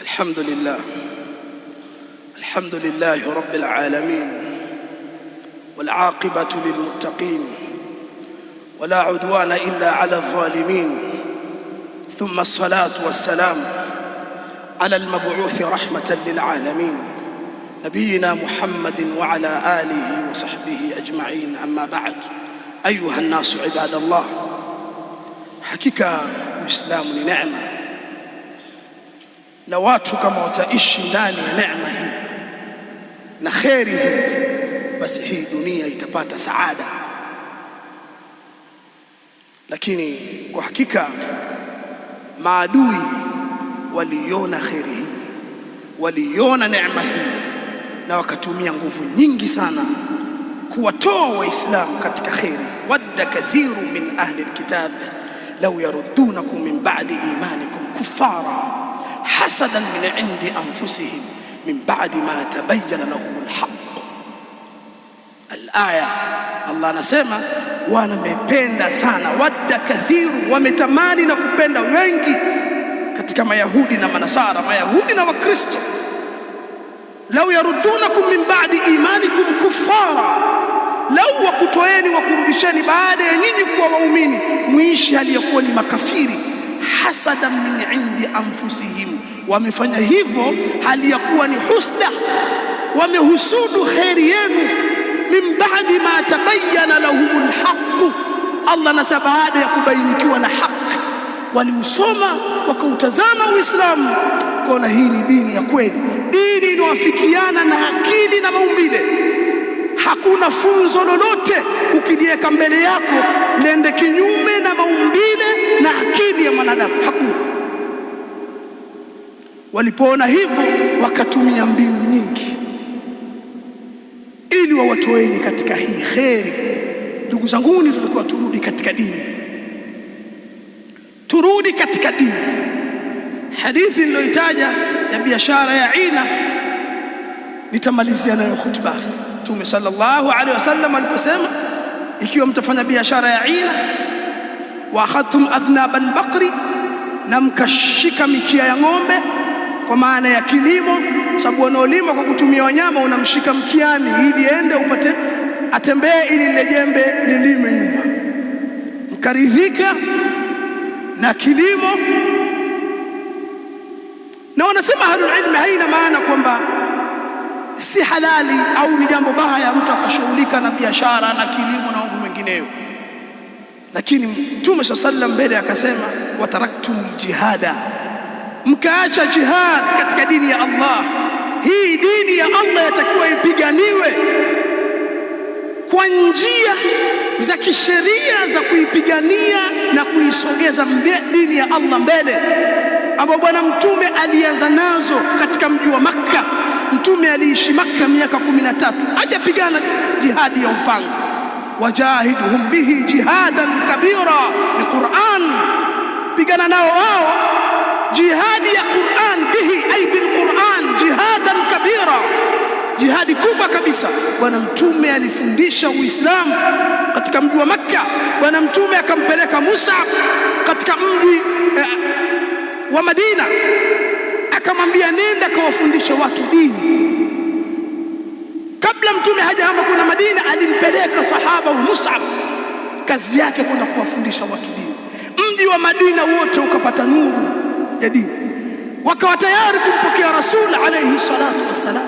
الحمد لله الحمد لله رب العالمين والعاقبة للمتقين ولا عدوان إلا على الظالمين ثم الصلاة والسلام على المبعوث رحمة للعالمين نبينا محمد وعلى آله وصحبه أجمعين أما بعد أيها الناس عباد الله حكيك الإسلام نعمة na watu kama wataishi ndani ya neema hii na kheri hii, basi hii dunia itapata saada. Lakini kwa hakika maadui waliona kheri hii, waliona neema hii, na wakatumia nguvu nyingi sana kuwatoa Waislamu katika kheri. wadda kathiru min ahli alkitab law yaruddunakum min ba'di imanikum kuffara hasadan min indi anfusihim min ba'di ma tabayyana lahum haqq. alaya Allah anasema wamependa sana, wadda kathiru, wametamani na kupenda wengi katika Mayahudi na Manasara, Mayahudi na Wakristo, lau yarudunakum min ba'di imanikum kufara lau wakutoeni wakurudisheni baada ya nyinyi kuwa waumini, mwishi aliyekuwa ni makafiri hasadan min indi anfusihim, wamefanya hivyo hali ya kuwa ni husda, wamehusudu kheri yenu. Min baadi ma tabayyana lahum lhaqu Allah anasema baada ya kubainikiwa na haki, waliusoma wakautazama Uislamu wakaona hii ni dini ya kweli, dini inawafikiana na akili na maumbile. Hakuna funzo lolote ukiliweka mbele yako lende kinyume na maumbile na akili ya mwanadamu hakuna. Walipoona hivyo, wakatumia mbinu nyingi ili wawatoeni katika hii kheri. Ndugu zanguni, tulikuwa turudi katika dini, turudi katika dini. Hadithi niliyoitaja ya biashara ya Ina nitamalizia nayo khutba. Mtume sallallahu alaihi wasallam aliposema, ikiwa mtafanya biashara ya Ina wa akhadhtum adhnab albaqri, na mkashika mikia ya ng'ombe, kwa maana ya kilimo, sababu wanaolima kwa kutumia wanyama unamshika mkiani ili ende upate atembee, ili lile jembe lilime nyuma. Mkaridhika na kilimo, na wanasema ahlul ilmi haina maana kwamba si halali au ni jambo baya mtu akashughulika na biashara na kilimo na mambo mengineyo lakini Mtume saa sallam mbele akasema, wataraktum ljihada, mkaacha jihad katika dini ya Allah. Hii dini ya Allah yatakiwa ipiganiwe kwa njia za kisheria za kuipigania na kuisogeza dini ya Allah mbele, ambao bwana Mtume alianza nazo katika mji wa Makka. Mtume aliishi Makka miaka kumi na tatu hajapigana jihadi ya upanga wajahidhum bihi jihadan kabira ni Qur'an, pigana nao wao jihadi ya Qur'an, bihi ay bil Qur'an jihadan kabira, jihadi kubwa kabisa. Bwana Mtume alifundisha Uislamu katika mji wa Makka. Bwana Mtume akampeleka Musa katika mji eh, wa Madina, akamwambia nenda kawafundisha watu dini Kabla mtume hajahama kuna Madina, alimpeleka sahaba Mus'ab, kazi yake kwenda kuwafundisha watu dini. Mji wa Madina wote ukapata nuru ya dini, wakawa tayari kumpokea Rasul alayhi salatu wassalam.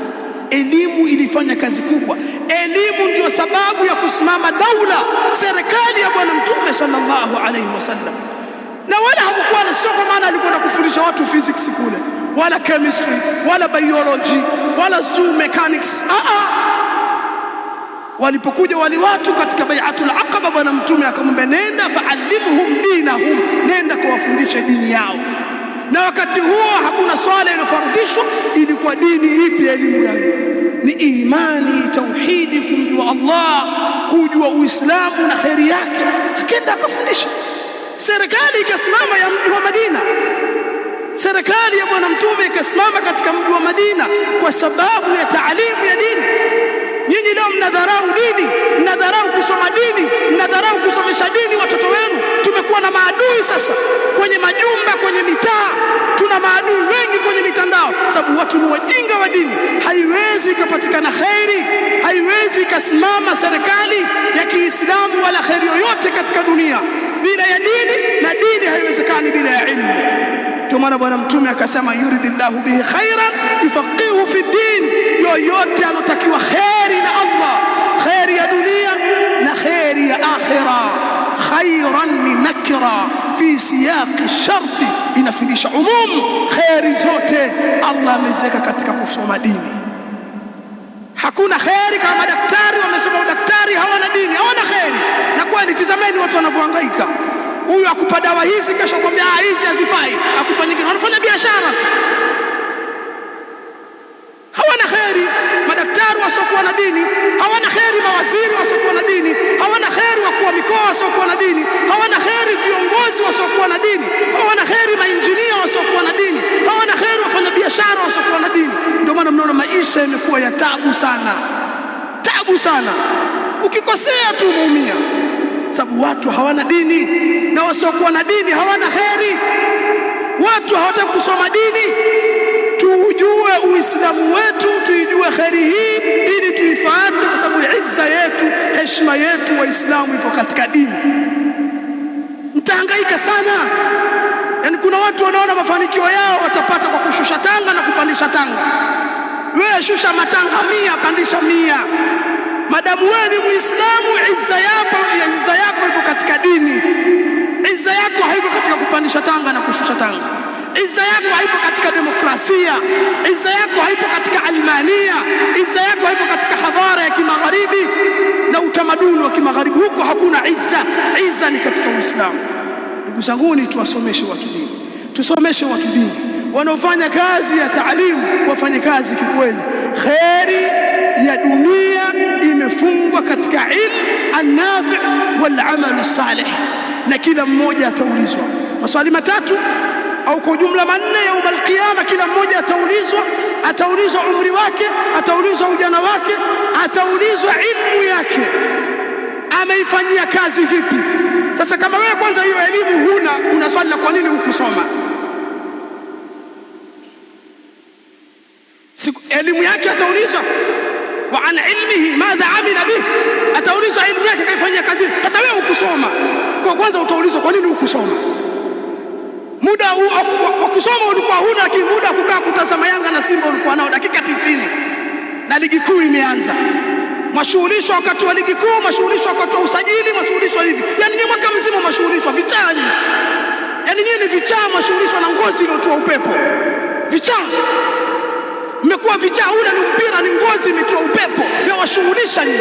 Elimu ilifanya kazi kubwa. Elimu ndiyo sababu ya kusimama daula, serikali ya Bwana Mtume sallallahu alayhi wasallam. Na wala hakukuwa sio kwa maana alikwenda kufundisha watu physics kule, wala chemistry, wala biology wala sijui mechanics. Ah, ah. Walipokuja wali watu katika baiatul aqaba, bwana mtume akamwambia, nenda faallimhum dinahum, nenda kuwafundisha dini yao. Na wakati huo hakuna swala iliyofardhishwa, ilikuwa dini ipi? Elimu yao ni imani, tauhidi, kumjua Allah, kujua Uislamu na kheri yake. Akenda akafundisha, serikali ikasimama ya mji wa Madina serikali ya Bwana Mtume ikasimama katika mji wa Madina kwa sababu ya taalimu ya dini. Nyinyi leo mnadharau dini, mnadharau kusoma dini, mnadharau kusomesha dini watoto wenu. Tumekuwa na maadui sasa kwenye majumba, kwenye mitaa, tuna maadui wengi kwenye mitandao, sababu watu ni wajinga wa dini. Haiwezi ikapatikana kheri, haiwezi ikasimama serikali ya Kiislamu wala kheri yoyote katika dunia bila ya dini, na dini haiwezekani bila ya ilmu. Ndio maana Bwana Mtume akasema, yuridillahu bihi khairan yufaqihu fi din, yoyote anotakiwa kheri na Allah, kheri ya dunia na kheri ya akhira. Khairan ni nakira fi siyaqi sharti, inafidisha umum. Kheri zote Allah ameziweka katika kusoma dini. Hakuna kheri kama madaktari wamesoma udaktari, hawana dini, hawana kheri. Na kweli tizameni watu wanavyohangaika huyu akupa dawa hizi, kesho kwambia ah, hizi hazifai, akupa nyingine. Wanafanya biashara, hawana kheri. Madaktari wasiokuwa na dini hawana kheri, mawaziri wasiokuwa na dini hawana kheri, wakuu wa mikoa wasiokuwa na dini hawana kheri, viongozi wasiokuwa na dini hawana kheri, mainjinia wasiokuwa na dini hawana kheri, wafanya biashara wasiokuwa na dini. Ndio maana mnaona maisha yamekuwa ya tabu sana, tabu sana, ukikosea tu umeumia sababu watu hawana dini, na wasiokuwa na dini hawana kheri. Watu hawataki kusoma dini. tujue Uislamu wetu, tuijue kheri hii ili tuifuate, kwa sababu izza yetu, heshima yetu Waislamu ipo katika dini. Mtahangaika sana. Yaani, kuna watu wanaona mafanikio yao watapata kwa kushusha tanga na kupandisha tanga. Wewe shusha matanga mia, pandisha mia maadamu wewe ni Muislamu, izza yako izza yako iko katika dini. Izza yako haiko katika kupandisha tanga na kushusha tanga. Izza yako haipo katika demokrasia. Izza yako haipo katika Almania. Izza yako haipo katika hadhara ya kimagharibi na utamaduni wa kimagharibi, huko hakuna izza. Izza ni katika Uislamu. Ndugu zanguni, tuwasomeshe watu dini, tusomeshe watu dini. Wanaofanya kazi ya taalimu wafanye kazi kikweli, kheri ya dunia umefungwa katika ilmu annafi wal salih, na kila mmoja ataulizwa maswali matatu au kwa ujumla manne yauma alqiyama. Kila mmoja ataulizwa, ataulizwa umri wake, ataulizwa ujana wake, ataulizwa ilmu yake ameifanyia kazi vipi. Sasa kama wewe kwanza hiyo elimu huna, una swali la kwa nini hukusoma elimu yake ataulizwa wa an ilmihi madha amila bih, ataulizwa ilmu yake kaifanyia kazi. Sasa wewe ukusoma kwa kwanza, utaulizwa kwa nini ukusoma. Muda wa kusoma ulikuwa huna, lakini muda kukaa kutazama Yanga na Simba ulikuwa nao dakika 90, na ligi kuu imeanza mashughulishwa wakati wa ligi kuu, mashughulishwa wakati wa usajili, mashughulishwa hivi, yani ni mwaka mzima mashughulishwa vichani yaani nyie ni vichaa, mashughulishwa na ngozi iliyotua upepo vichaa. Mmekuwa vichaa. ule ni mpira, ni ngozi imetiwa upepo, yawashughulisha ni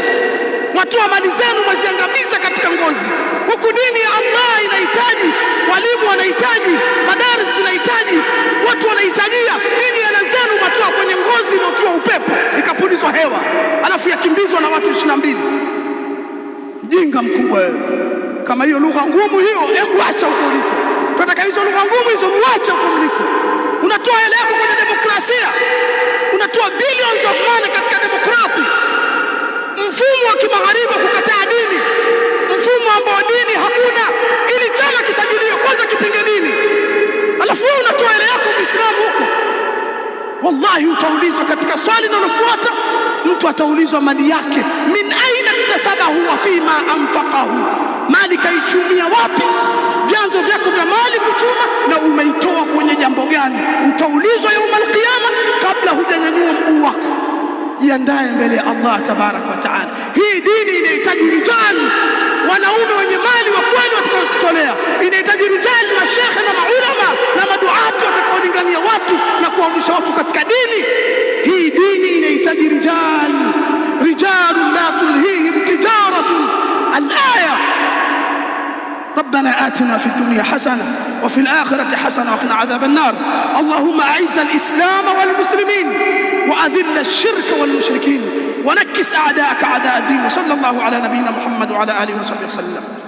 mwatoa mali zenu, mwaziangamiza katika ngozi, huku dini ya Allah inahitaji, walimu wanahitaji, madaris inahitaji watu wanahitajia. nini hela zenu mwatoa kwenye ngozi inayotiwa upepo ikapulizwa hewa, alafu yakimbizwa na watu ishirini na mbili. Mjinga mkubwa wewe! Kama hiyo lugha ngumu hiyo, embu acha huko uliko. Tunataka hizo lugha ngumu hizo, muache huko unatoa elimu kwenye demokrasia, unatoa billions of money katika demokrati. Mfumo wa kimagharibi wa kukataa dini, mfumo ambao dini hakuna, ili chama kisajiliwe kwanza kipinge dini, alafu wewe unatoa ele yako Muislamu huko. Wallahi utaulizwa katika swali linalofuata, mtu ataulizwa mali yake, min aina ktasabahu wa fima anfaqahu mali kaichumia wapi? Vyanzo vyako vya mali kuchuma, na umeitoa kwenye jambo gani? Utaulizwa yaumul qiyama kabla hujanyanyua mguu wako. Jiandaye mbele ya Allah tabaraka wa taala. Hii dini inahitaji rijali, wanaume wenye mali wa kweli watakaotolea. Inahitaji rijali, mashekhe na maulama na maduati watakaolingania watu na kuwarudisha watu katika dini hii. Dini inahitaji rijali, rijalun la tulhihim tijaratun alaya ربنا آتنا في الدنيا حسنة وفي الآخرة حسنة وقنا عذاب النار اللهم أعز الإسلام والمسلمين وأذل الشرك والمشركين ونكس أعداءك أعداء الدين وصلى الله على نبينا محمد وعلى آله وصحبه وسلم